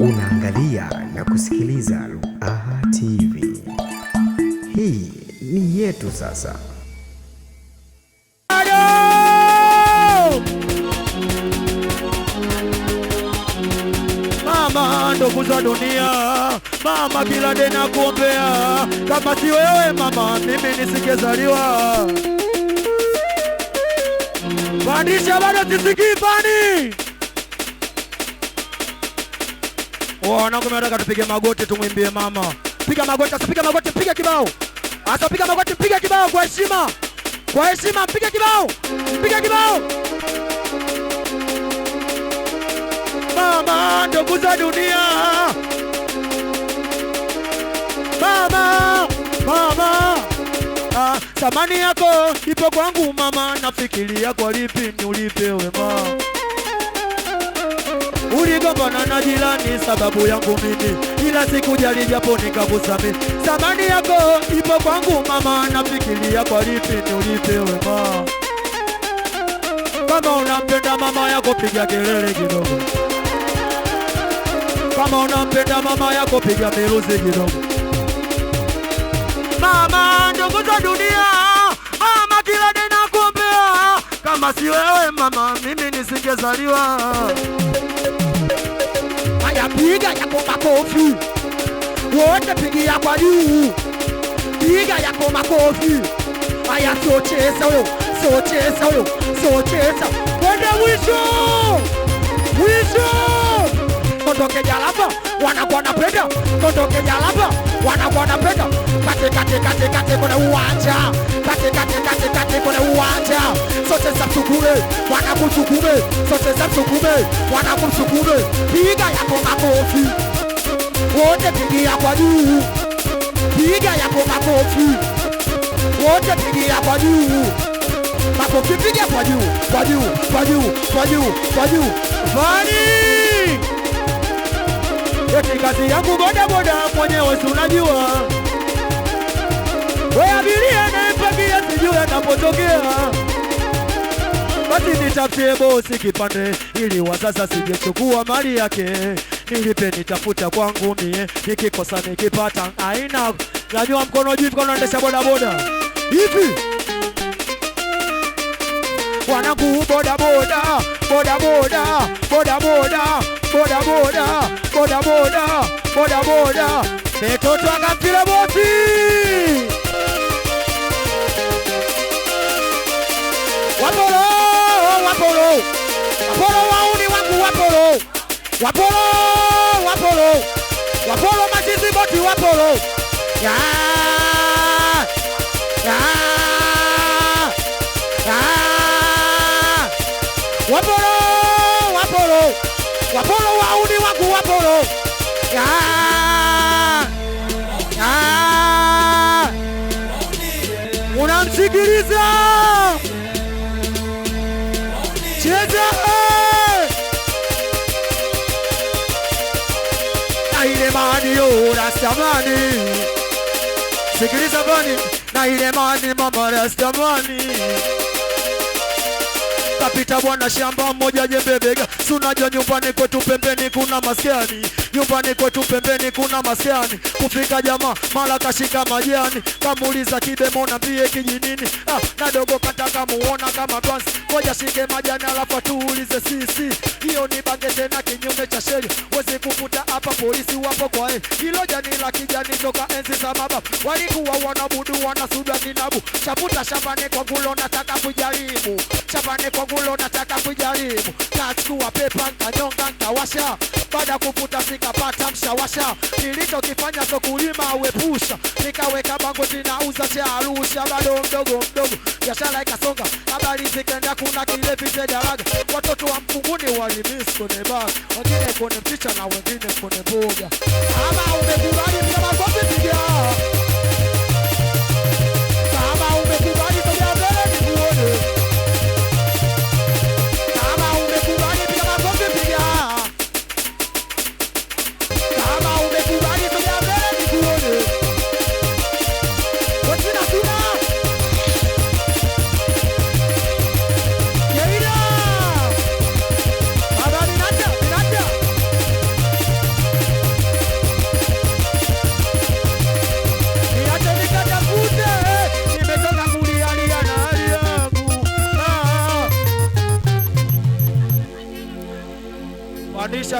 Unaangalia na kusikiliza Ruaha TV. Hii ni yetu sasa. Mama ndo za dunia, mama bila dena kuombea, kama si wewe mama mimi nisingezaliwa. Pandisha bado sisikii pani Wanangu nataka tupige magoti tumwimbie mama. Piga magoti, asipiga magoti, piga kibao. Asa piga magoti, piga kibao kwa heshima. Kwa heshima piga kibao. Piga kibao. Mama ndugu za dunia. Mama, mama. Ah, thamani yako ipo kwangu mama, nafikiria kwa lipi niulipe wema uligombana na jirani sababu yangu mimi, ila sikujali japo nikakusamehe. Thamani yako ipo kwangu mama, nafikiria kwa lipi nilipewe wema. kama unampenda mama yako piga kelele kidogo, kama unampenda mama yako piga miruzi kidogo. Mama ndugu za dunia, mama kila ninakuombea, kama si wewe mama mimi nisingezaliwa piga yako makofi wote, pigia kwa juu, piga yako makofi. Haya, socheza huyo, socheza huyo, socheza kwende mwisho, mwisho. Kondoke jalapa wanakuwa napenda, kondoke jalapa wanamwanapenda katikatikati kwenye uwanja katikatikati kwenye uwanja sote za msukume wanamsukume sote za msukume wanamsukume piga yako makofi wote pigia kwa juu piga yako makofi wote pigia kwa juu makofi piga kwa juu kwa juu kwa juu kwa juu kwa juu vani Eti kazi yangu bodaboda boda, mwenyewe si unajua, we abiria anaipakia, sijui anapotokea, basi nitafutie bosi kipande, ili wa sasa sijechukua mali yake, nilipe nitafuta kwangu mie, nikikosa nikipata aina. Najua mkono juu, mkono endesha boda hivi wanangu bodaboda bodaboda bodaboda bodaboda bodaboda bodaboda metoto akampira boti wapolo wapolo wapolo wauni wangu wapolo wapolo wapolo wapolo mazizi boti wapolo ya ya Wapolo wauni wangu Wapolo ya ya unamsikiliza cheza na ile mani yura sikiliza bani na ile mani mama rastamani kapita bwana shamba moja jembebega sunajua nyumbani kwetu pembeni kuna maskani, nyumbani kwetu pembeni kuna maskani. Kufika jamaa mara kashika majani, kamuuliza kibemo na mbie kijinini. Ah, dogo kataka muona kama basi, ngoja shike majani alafu tuulize sisi. Hiyo ni bange tena kinyume cha sheria, wezi kukuta hapa polisi wapo kwa eh. Hilo jani la kijani toka enzi za baba, walikuwa wanabudu wanasuda kinabu. Chaputa shambani kwa gulo nataka kujaribu, shambani kwa gulo nataka kujaribu, kachukua pepa kanyonga nkawasha, baada kuvuta sikapata mshawasha. Nilichokifanya ndo wepusha, nikaweka bango tinauza cha Arusha, bado mdogo mdogo, biashara ikasonga, habari zikaenda, kuna kilevi cha jaraga, watoto wa mkunguni walimisi kwenye baa, wengine kwenye mchicha na wengine kwenye boga. Kama umekubali mjama zote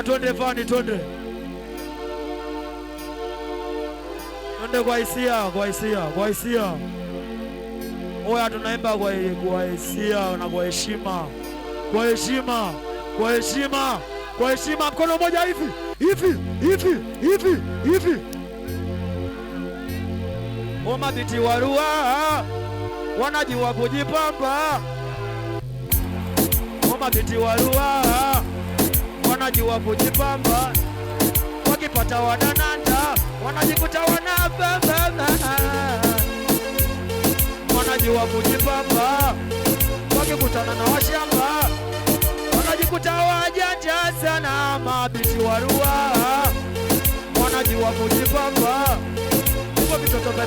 Sasa twende fani twende, twende kwa hisia, kwa hisia, kwa hisia. Oya, tunaimba kwa hisia na kwa heshima, kwa heshima, kwa heshima, kwa heshima. Mkono mmoja hivi hivi hivi hivi hivi. Omabiti warua wanajiwa kujipamba, omabiti warua wanajua kujipamba, wakipata wanananda, wanajikuta wanabamba. Wanajua kujipamba, wakikutana na washamba, wanajikuta wajanja sana, mabiti warua. Wanajua kujipamba, kwa vitoto vya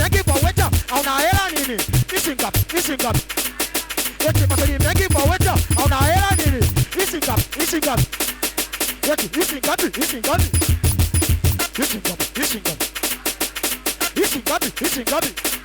hauna nini? Hizi ngapi? Yeti masani mengi kwa weta, hauna nini? Hizi ngapi? Yeti hizi ngapi? Hizi ngapi? Hizi ngapi? Hizi ngapi?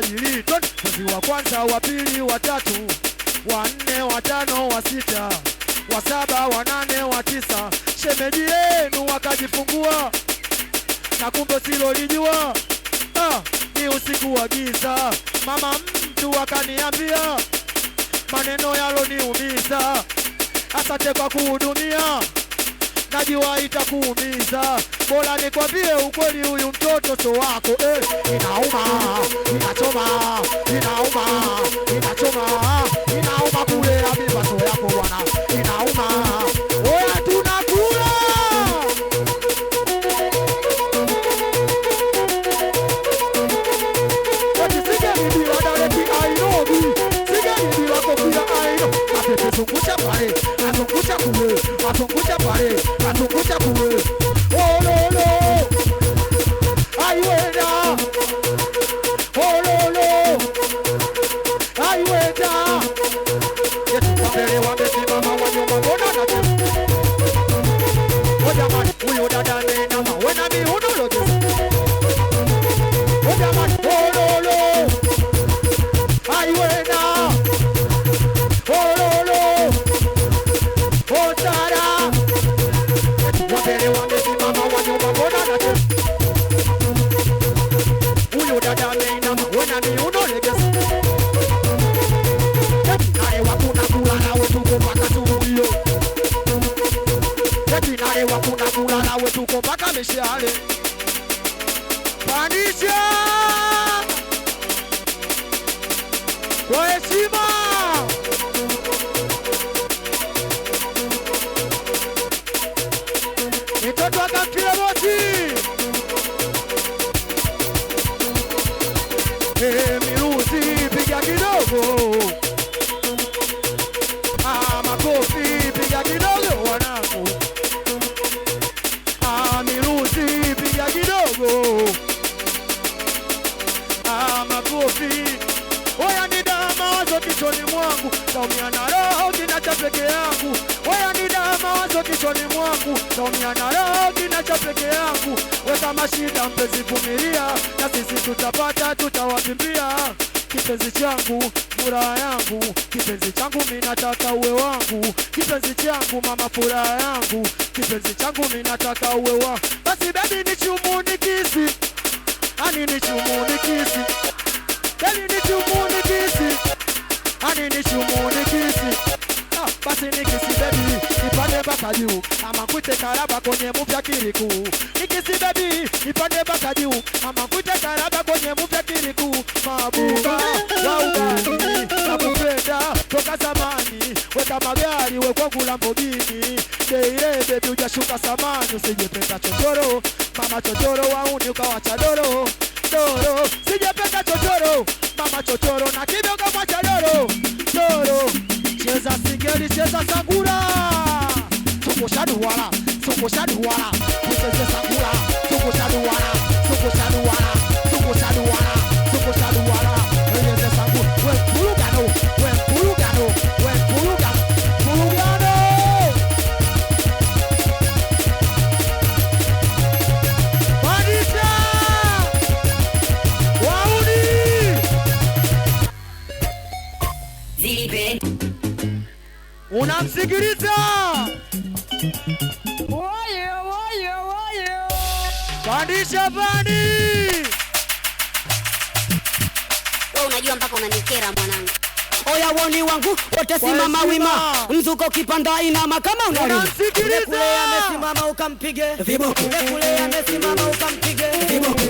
usajili mwezi wa kwanza, wa pili, wa tatu, wa nne, wa tano, wa sita, wa saba, wa nane, wa tisa, shemeji yenu wakajifungua na kumbe silolijua. Ah, ni usiku wa giza, mama mtu akaniambia maneno yaloniumiza. Asante kwa kuhudumia najua itakuumiza, bora nikwambie ukweli, huyu mtoto so wako eh. Inauma, inachoma, inauma, inachoma, inauma kule ya mibato yako bwana, inauma Com esse makofi. Oya ni dawa mawazo kichwani mwangu, naumia na roho kinacha peke yangu. Oya ni dawa mawazo kichwani mwangu, naumia na roho kinacha peke yangu. Weka mashida mpenzi, vumilia na sisi tutapata, tutawapimbia kipenzi changu furaha yangu kipenzi changu minataka uwe wangu kipenzi changu mama furaha yangu kipenzi changu minataka uwe wangu basi baby, nichumu nikisi ani nichumu nikisi Tell you ah, need you moon the kissy. I need you moon the kissy. Basi nikisi mpaka juu, ama kwite karaba kwenye Nikisi mpaka juu, ama kwite karaba kwenye Mabuka toka zamani, weka magari we kwangu Deire ujashuka samani, usijependa chochoro, mama chochoro wauni ukawacha doro doro bate o choro na que meu gão bate choro Choro Cheza sigeli assim cheza sagura Sou puxado wala Sou puxado wala unamsikiliza pandisha pani. Unajua mpaka unanikera mwanangu. Oya woni wangu wote simama wima, mzuko kipanda inama kama unamsikiliza. amesimama ukampige viboko, kule amesimama ukampige viboko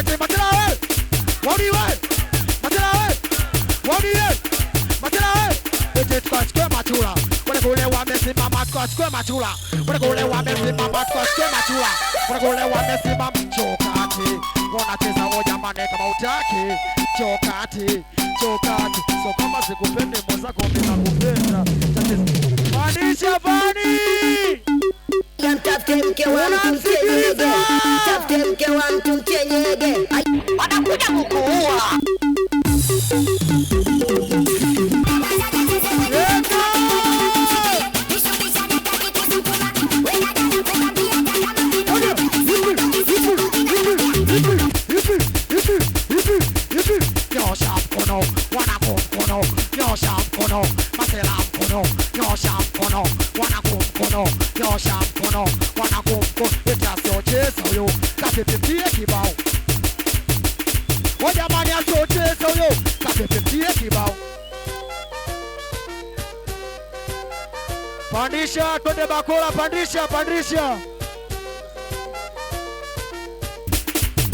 Este eh? eh? eh? matela a ver. Wadiwe. Matela a ver. Wadiwe. Matela a ver. Este koske matura. Wana kule wa mesi mama koske matura. Wana kule wa mesi mama koske matura. Wana kule wa mesi mama chokati. Wanacheza hoja mane kama utaki. Chokati. Chokati. So kama sikupende mwenzako mimi nakupenda. Manisha bani. Mtafute mke wangu msikilize. kapepemtie kibao. Wajamani kibao. Pandisha, twende bakola pandisha, pandisha.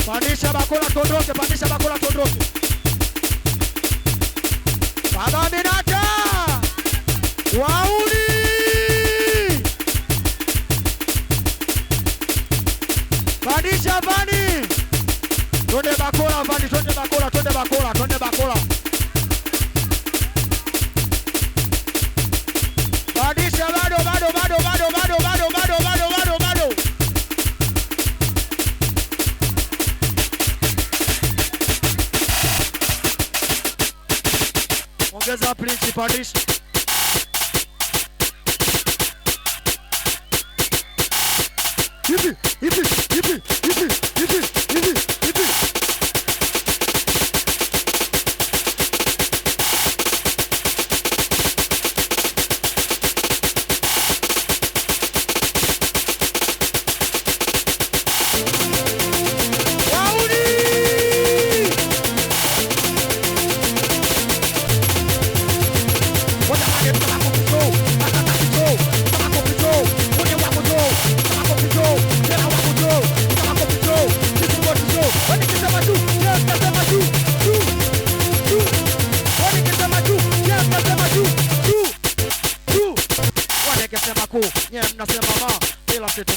Pandisha bakola tondoke, pandisha bakola tondoke. Baba Minata. Wauli Giovanni! Donde bacola, Vani, Donde Bacora, Donde Bacora, Donde Bacora. Vani, Giovanni, Vado, Vado, Vado, Vado, Vado, Vado, Vado, Vado, Vado. Ongeza print, Vani.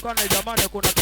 con ella manejo una